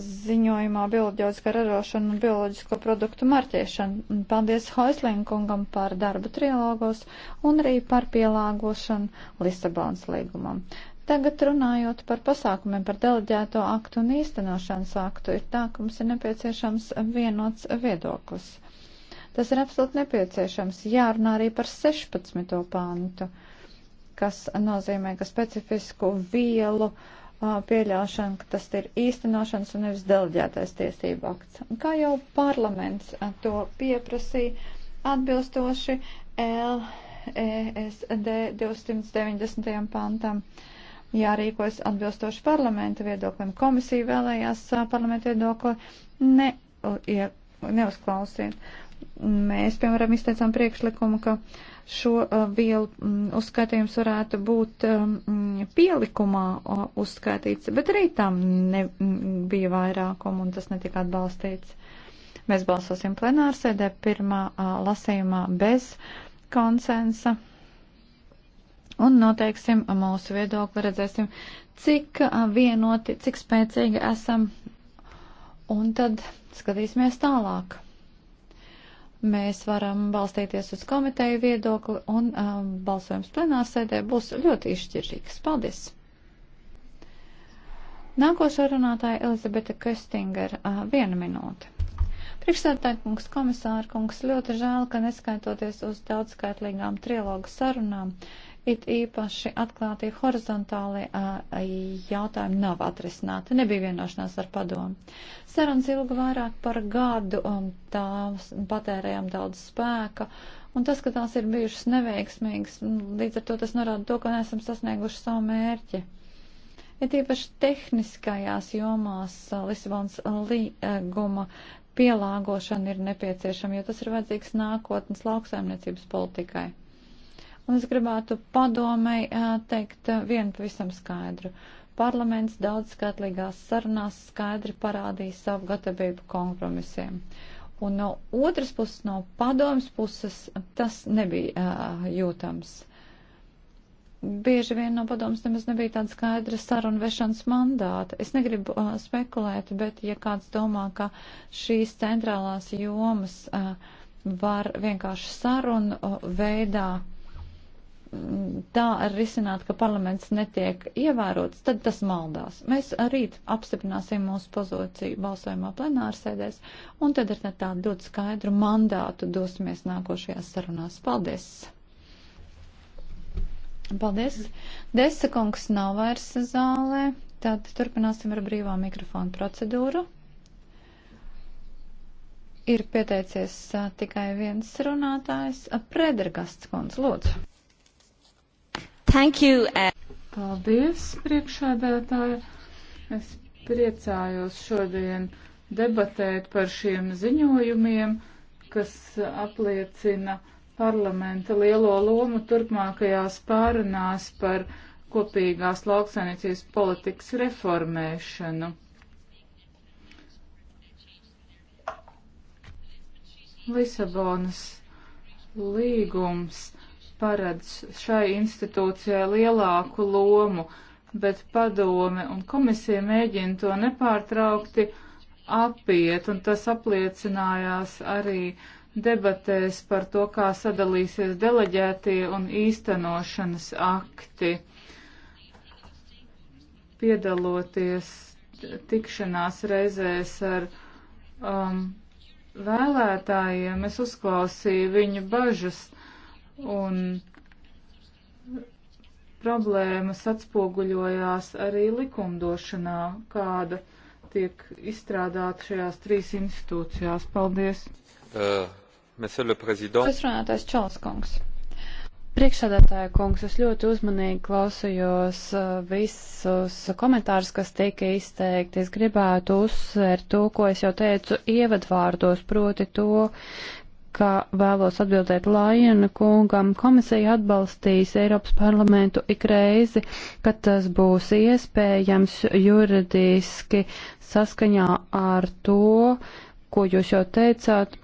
ziņojumā bioloģiskā ražošana un bioloģisko produktu marķēšana. Paldies Hoislinkungam par darbu trilogos un arī par pielāgošanu Lisabonas līgumam. Tagad runājot par pasākumiem, par deleģēto aktu un īstenošanas aktu, ir tā, ka mums ir nepieciešams vienots viedoklis. Tas ir absolūti nepieciešams. Jārunā arī par 16. pāntu, kas nozīmē, ka specifisku vielu uh, pieļaušanu, ka tas ir īstenošanas un nevis deleģētais tiesību akts. Kā jau parlaments to pieprasīja atbilstoši LESD e 290. pantam. Jārīkojas atbilstoši parlamenta viedoklim. Komisija vēlējās parlamenta viedokli ne, neuzklausīt. Mēs, piemēram, izteicām priekšlikumu, ka šo uh, vielu mm, uzskaitījums varētu būt um, mm, pielikumā uh, uzskaitīts, bet arī tam nebija mm, vairākumu un tas netika atbalstīts. Mēs balsosim plenārsēdē pirmā uh, lasījumā bez konsensa un noteiksim mūsu viedokli, redzēsim, cik vienoti, cik spēcīgi esam, un tad skatīsimies tālāk. Mēs varam balstīties uz komiteju viedokli un um, balsojums plenārsēdē būs ļoti izšķirīgs. Paldies! Nākošā runātāja Elizabete Köstinger, uh, viena minūte. Priekšsēdētāji kungs, komisāra kungs, ļoti žēl, ka neskaitoties uz daudzskaitlīgām trilogu sarunām, it īpaši atklātie horizontāli uh, jautājumi nav atrisināti. Nebija vienošanās ar padomu. Sarunas ilga vairāk par gadu, um, tās patērējām daudz spēka, un tas, ka tās ir bijušas neveiksmīgas, līdz ar to tas norāda to, ka neesam sasnieguši savu mērķi. Ir ja tīpaši tehniskajās jomās Lisabonas līguma pielāgošana ir nepieciešama, jo tas ir vajadzīgs nākotnes lauksaimniecības politikai. Un es gribētu padomai teikt vienu pavisam skaidru. Parlaments daudzskatlīgās sarunās skaidri parādīja savu gatavību kompromisiem. Un no otras puses, no padomas puses, tas nebija uh, jūtams. Uh, bieži vien no padomas nemaz nebija tāda skaidra saruna vešanas mandāta. Es negribu uh, spekulēt, bet ja kāds domā, ka šīs centrālās jomas uh, var vienkārši sarunu uh, veidā tā risināt, ka parlaments netiek ievērots, tad tas maldās. Mēs rīt apstiprināsim mūsu pozīciju balsojumā plenārsēdēs, un tad ar tādu ļoti skaidru mandātu dosimies nākošajās sarunās. Paldies! Paldies. Desakungs nav vairs zālē. Tad turpināsim ar brīvā mikrofonu procedūru. Ir pieteicies tikai viens runātājs. Predragasts kundz, lūdzu. Thank you. Paldies, priekšādātāja. Es priecājos šodien debatēt par šiem ziņojumiem, kas apliecina uh, parlamenta lielo lomu turpmākajās pārunās par kopīgās lauksainicijas politikas reformēšanu. Lisabonas līgums paredz šai institūcijai lielāku lomu, bet padome un komisija mēģina to nepārtraukti apiet, un tas apliecinājās arī uh, debatēs par to, kā sadalīsies deleģētie un īstenošanas akti. Piedaloties tikšanās reizēs ar um, vēlētājiem, es uzklausīju viņu bažas un problēmas atspoguļojās arī likumdošanā, kāda tiek izstrādāta šajās trīs institūcijās. Paldies! Uh. Es runātais Čalas kungs. Priekšsādātāja kungs, es ļoti uzmanīgi klausījos uh, visus komentārus, kas tika izteikti. Es gribētu uzsvērt to, ko es jau teicu ievadvārdos, proti to, ka vēlos atbildēt Lajana kungam. Komisija atbalstīs Eiropas parlamentu ik reizi, kad tas būs iespējams juridiski saskaņā ar to, ko jūs jau teicāt,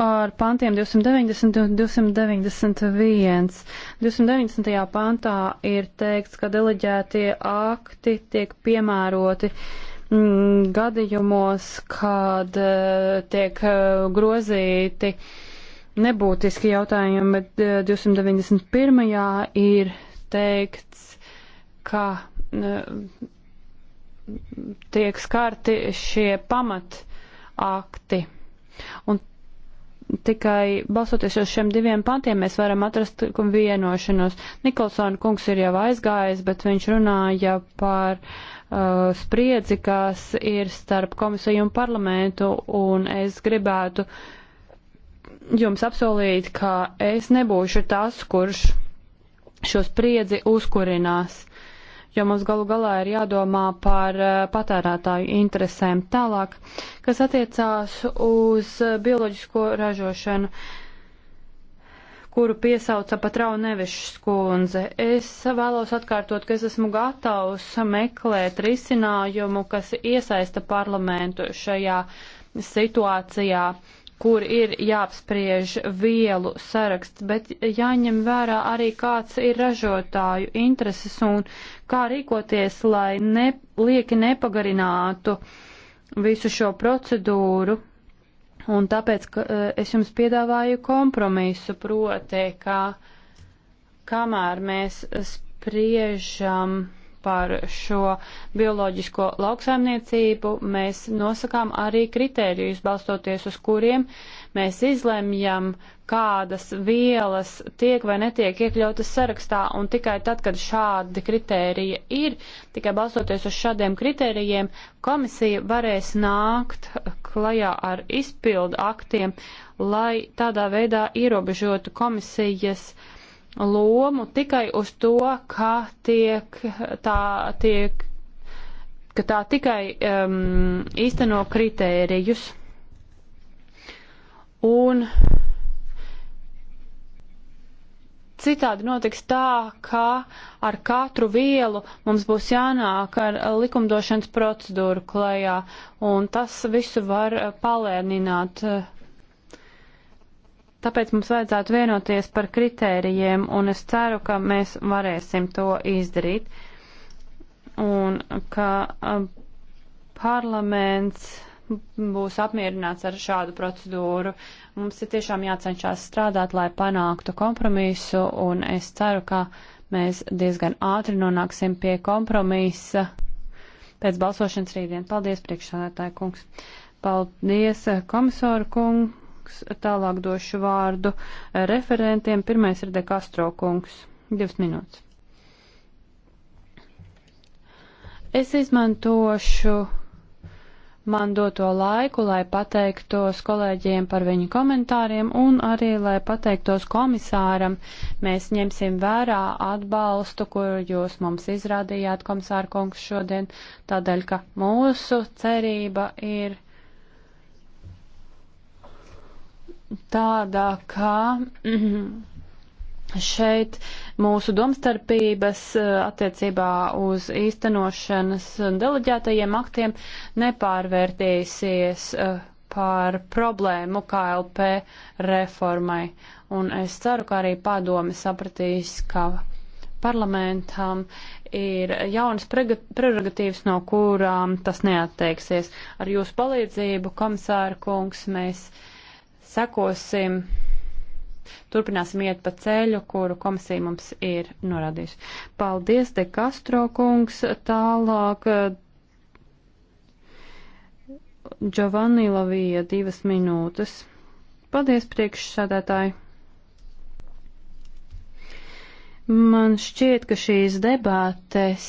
ar pantiem 290 un 291. 290. pantā ir teikts, ka deleģētie akti tiek piemēroti mm, gadījumos, kad uh, tiek uh, grozīti nebūtiski jautājumi, bet uh, eh, 291. ir teikts, ka tiek skarti šie pamat akti. Un tikai balsoties uz šiem diviem pantiem, mēs varam atrast vienošanos. Nikolsona kungs ir jau aizgājis, bet viņš runāja par uh, spriedzi, kas ir starp komisiju un parlamentu, un es gribētu jums apsolīt, ka es nebūšu tas, kurš šo spriedzi uzkurinās jo mums galu galā ir jādomā par eh, patērētāju interesēm tālāk, kas attiecās uz eh, bioloģisko ražošanu kuru piesauca pat Raunevešs kundze. Es vēlos atkārtot, ka es esmu gatavs meklēt risinājumu, kas iesaista parlamentu šajā situācijā, kur ir jāapspriež vielu saraksts, bet jāņem vērā arī kāds ir ražotāju intereses un kā rīkoties, lai ne, lieki nepagarinātu visu šo procedūru. Un tāpēc ka, e, es jums piedāvāju kompromisu, proti, ka kamēr mēs spriežam par šo bioloģisko lauksaimniecību, mēs nosakām arī kritērijus, balstoties uz kuriem mēs izlemjam, kādas vielas tiek vai netiek iekļautas sarakstā, un tikai tad, kad šādi kritērija ir, tikai balstoties uz šādiem kritērijiem, komisija varēs nākt klajā ar izpildu aktiem, lai tādā veidā ierobežotu komisijas uh, lomu tikai uz to, kā tiek tā tiek, ka tā tikai um, īsteno kritērijus. Un citādi notiks tā, ka ar katru vielu mums būs jānāk ar likumdošanas procedūru klajā, un tas visu var palēnināt. Uh, Tāpēc mums vajadzētu vienoties par kritērijiem, un es ceru, ka mēs varēsim to izdarīt. Un ka parlaments būs apmierināts ar šādu procedūru. Mums ir tiešām jācenšas strādāt, lai panāktu kompromisu, un es ceru, ka mēs diezgan ātri nonāksim pie kompromisa pēc balsošanas rītdien. Paldies, priekšsādātāja kungs! Paldies, komisoru kungu! kungs. Tālāk došu vārdu referentiem. Pirmais ir De Castro kungs. Divas minūtes. Es izmantošu man doto laiku, lai pateiktos kolēģiem par viņu komentāriem un arī, lai pateiktos komisāram. Mēs ņemsim vērā atbalstu, kur jūs mums izrādījāt, komisāra kungs, šodien, tādēļ, ka mūsu cerība ir tādā, ka mhm, šeit mūsu domstarpības eh, attiecībā uz īstenošanas deleģētajiem aktiem nepārvērtīsies eh, par problēmu KLP reformai. Un es ceru, ka arī padomi sapratīs, ka parlamentam ir jaunas prerogatīvas, no kurām tas neatteiksies. Ar jūsu palīdzību, komisāra kungs, mēs uh, sekosim, turpināsim iet pa ceļu, kuru komisija mums ir norādījusi. Paldies, De Castro kungs, tālāk. Giovanni Lavija, divas minūtes. Paldies, priekšsādātāji! Man šķiet, ka šīs debātes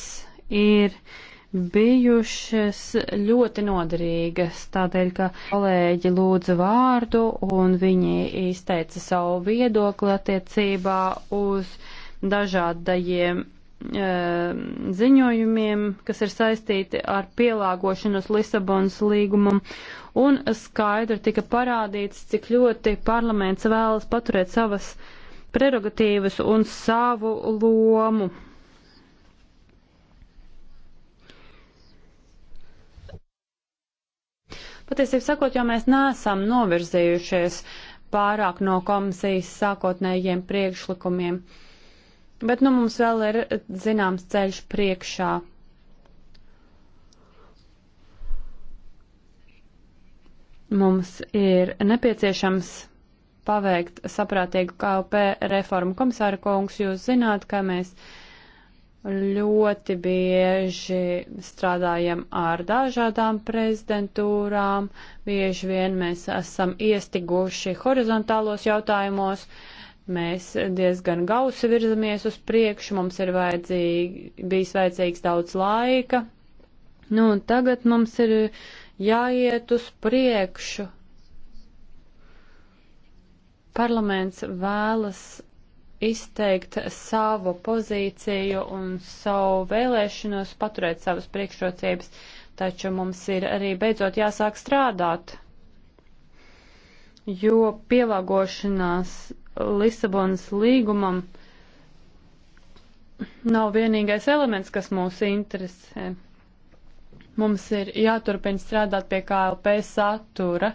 ir bijušas ļoti noderīgas, tādēļ, ka kolēģi lūdza vārdu un viņi izteica savu viedokli attiecībā uz dažādajiem e, ziņojumiem, kas ir saistīti ar pielāgošanos Lisabonas līgumam, un skaidri tika parādīts, cik ļoti parlaments vēlas paturēt savas prerogatīvas un savu lomu Patiesībā sakot, jo mēs neesam novirzījušies pārāk no komisijas sākotnējiem priekšlikumiem. Bet nu mums vēl ir zināms ceļš priekšā. Mums ir nepieciešams paveikt saprātīgu KLP reformu. Komisāra kungs, jūs zināt, ka mēs uh, ļoti bieži strādājam ar dažādām prezidentūrām, bieži vien mēs esam iestiguši horizontālos jautājumos, mēs diezgan gausi virzamies uz priekšu, mums ir vajadzīgi, bijis vajadzīgs daudz laika, nu un tagad mums ir jāiet uz priekšu. Parlaments vēlas izteikt savu pozīciju un savu vēlēšanos paturēt savas priekšrocības, taču mums ir arī beidzot jāsāk strādāt, jo pielāgošanās Lisabonas līgumam nav vienīgais elements, kas mūs interesē. Mums ir jāturpina strādāt pie KLP satura,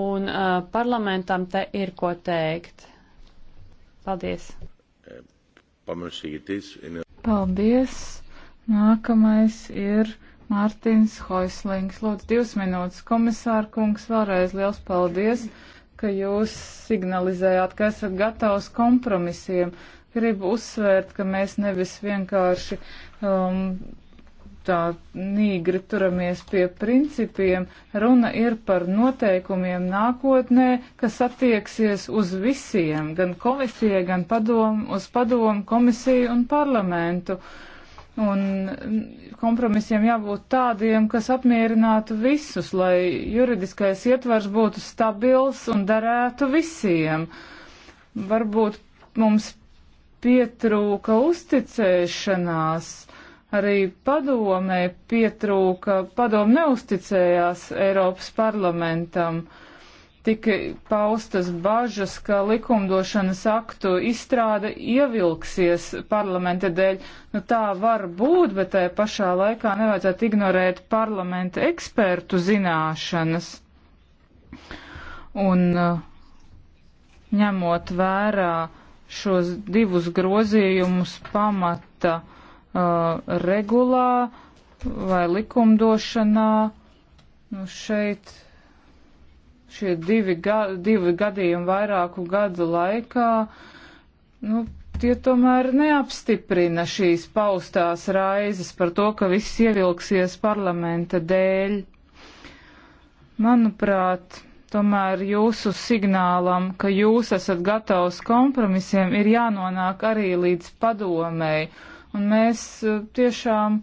un uh, parlamentam te ir ko teikt. Paldies! Uh, paldies! Nākamais ir Mārtiņš Hoislings. Lūdzu, divas minūtes. Komisāra kungs, vēlreiz liels paldies, ka jūs signalizējāt, ka esat gatavs kompromisiem. Gribu uzsvērt, ka mēs nevis vienkārši um, tā nīgri turamies pie principiem, runa ir par noteikumiem nākotnē, kas attieksies uz visiem, gan komisijai, gan padom, uz padomu, komisiju un parlamentu. Un kompromisiem jābūt tādiem, kas apmierinātu visus, lai juridiskais ietvars būtu stabils un darētu visiem. Varbūt mums pietrūka uzticēšanās. Uh, Arī padomē pietrūka, padom neusticējās Eiropas parlamentam, tika paustas bažas, ka likumdošanas aktu izstrāde ievilksies parlamenta dēļ. Nu tā var būt, bet tajā pašā laikā nevajadzētu ignorēt parlamenta ekspertu zināšanas. Un uh, ņemot vērā šos divus grozījumus pamata uh, regulā vai likumdošanā. Nu, šeit šie divi, ga divi gadījumi vairāku gadu laikā, nu, tie tomēr neapstiprina šīs paustās raizes par to, ka viss ievilksies parlamenta dēļ. Manuprāt, tomēr jūsu signālam, ka jūs esat gatavs kompromisiem, ir jānonāk arī līdz padomēji un mēs eh, tiešām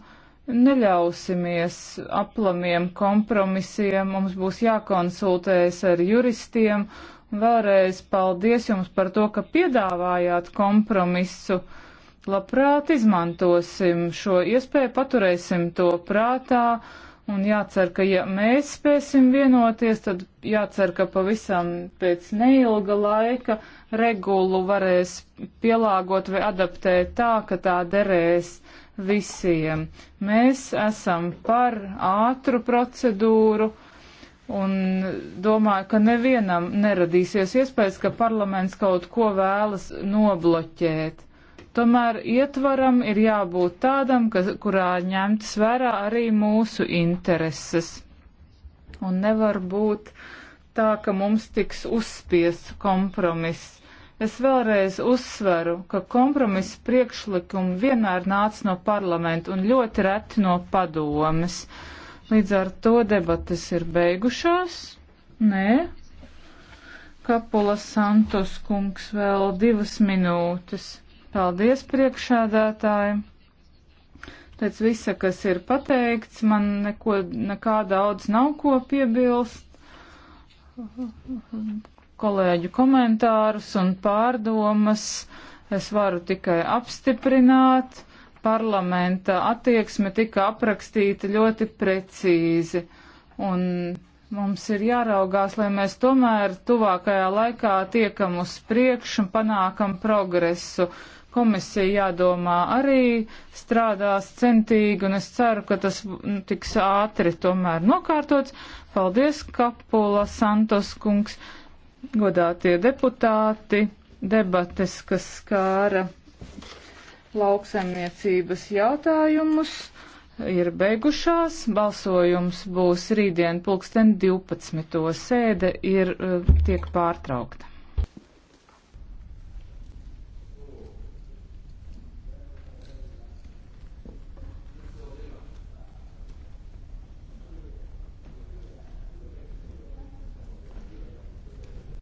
neļausimies aplamiem kompromisiem, mums būs jākonsultējas ar juristiem, un vēlreiz paldies jums par to, ka piedāvājāt kompromisu. Labprāt izmantosim šo iespēju, paturēsim to prātā Un jācer, ka ja mēs spēsim vienoties, tad jācer, ka pavisam pēc neilga laika regulu varēs pielāgot vai adaptēt tā, ka tā derēs visiem. Mēs esam par ātru procedūru un domāju, ka nevienam neradīsies iespējas, ka parlaments kaut ko vēlas nobloķēt. Tomēr ietvaram ir jābūt tādam, kas, kurā ņemtas vērā arī mūsu intereses. Un nevar būt tā, ka mums tiks uzspiests kompromiss. Es vēlreiz uzsveru, ka kompromisa priekšlikumi vienmēr nāca no parlamenta un ļoti reti no padomes. Līdz ar to debatas ir beigušās. Nē. Kapula Santos kungs vēl divas minūtes. Paldies priekšādātāji! Pēc visa, kas ir pateikts, man neko, nekā daudz nav ko piebilst. Kolēģu komentārus un pārdomas es varu tikai apstiprināt. Parlamenta attieksme tika aprakstīta ļoti precīzi. Un mums ir jāraugās, lai mēs tomēr tuvākajā laikā tiekam uz priekšu un panākam progresu komisija jādomā arī strādās centīgi, un es ceru, ka tas tiks ātri tomēr nokārtots. Paldies, Kapula, Santos kungs, godātie deputāti, debates, kas skāra lauksaimniecības jautājumus, ir beigušās. Balsojums būs rītdien pulksten 12. Sēde ir, eh, tiek pārtraukta.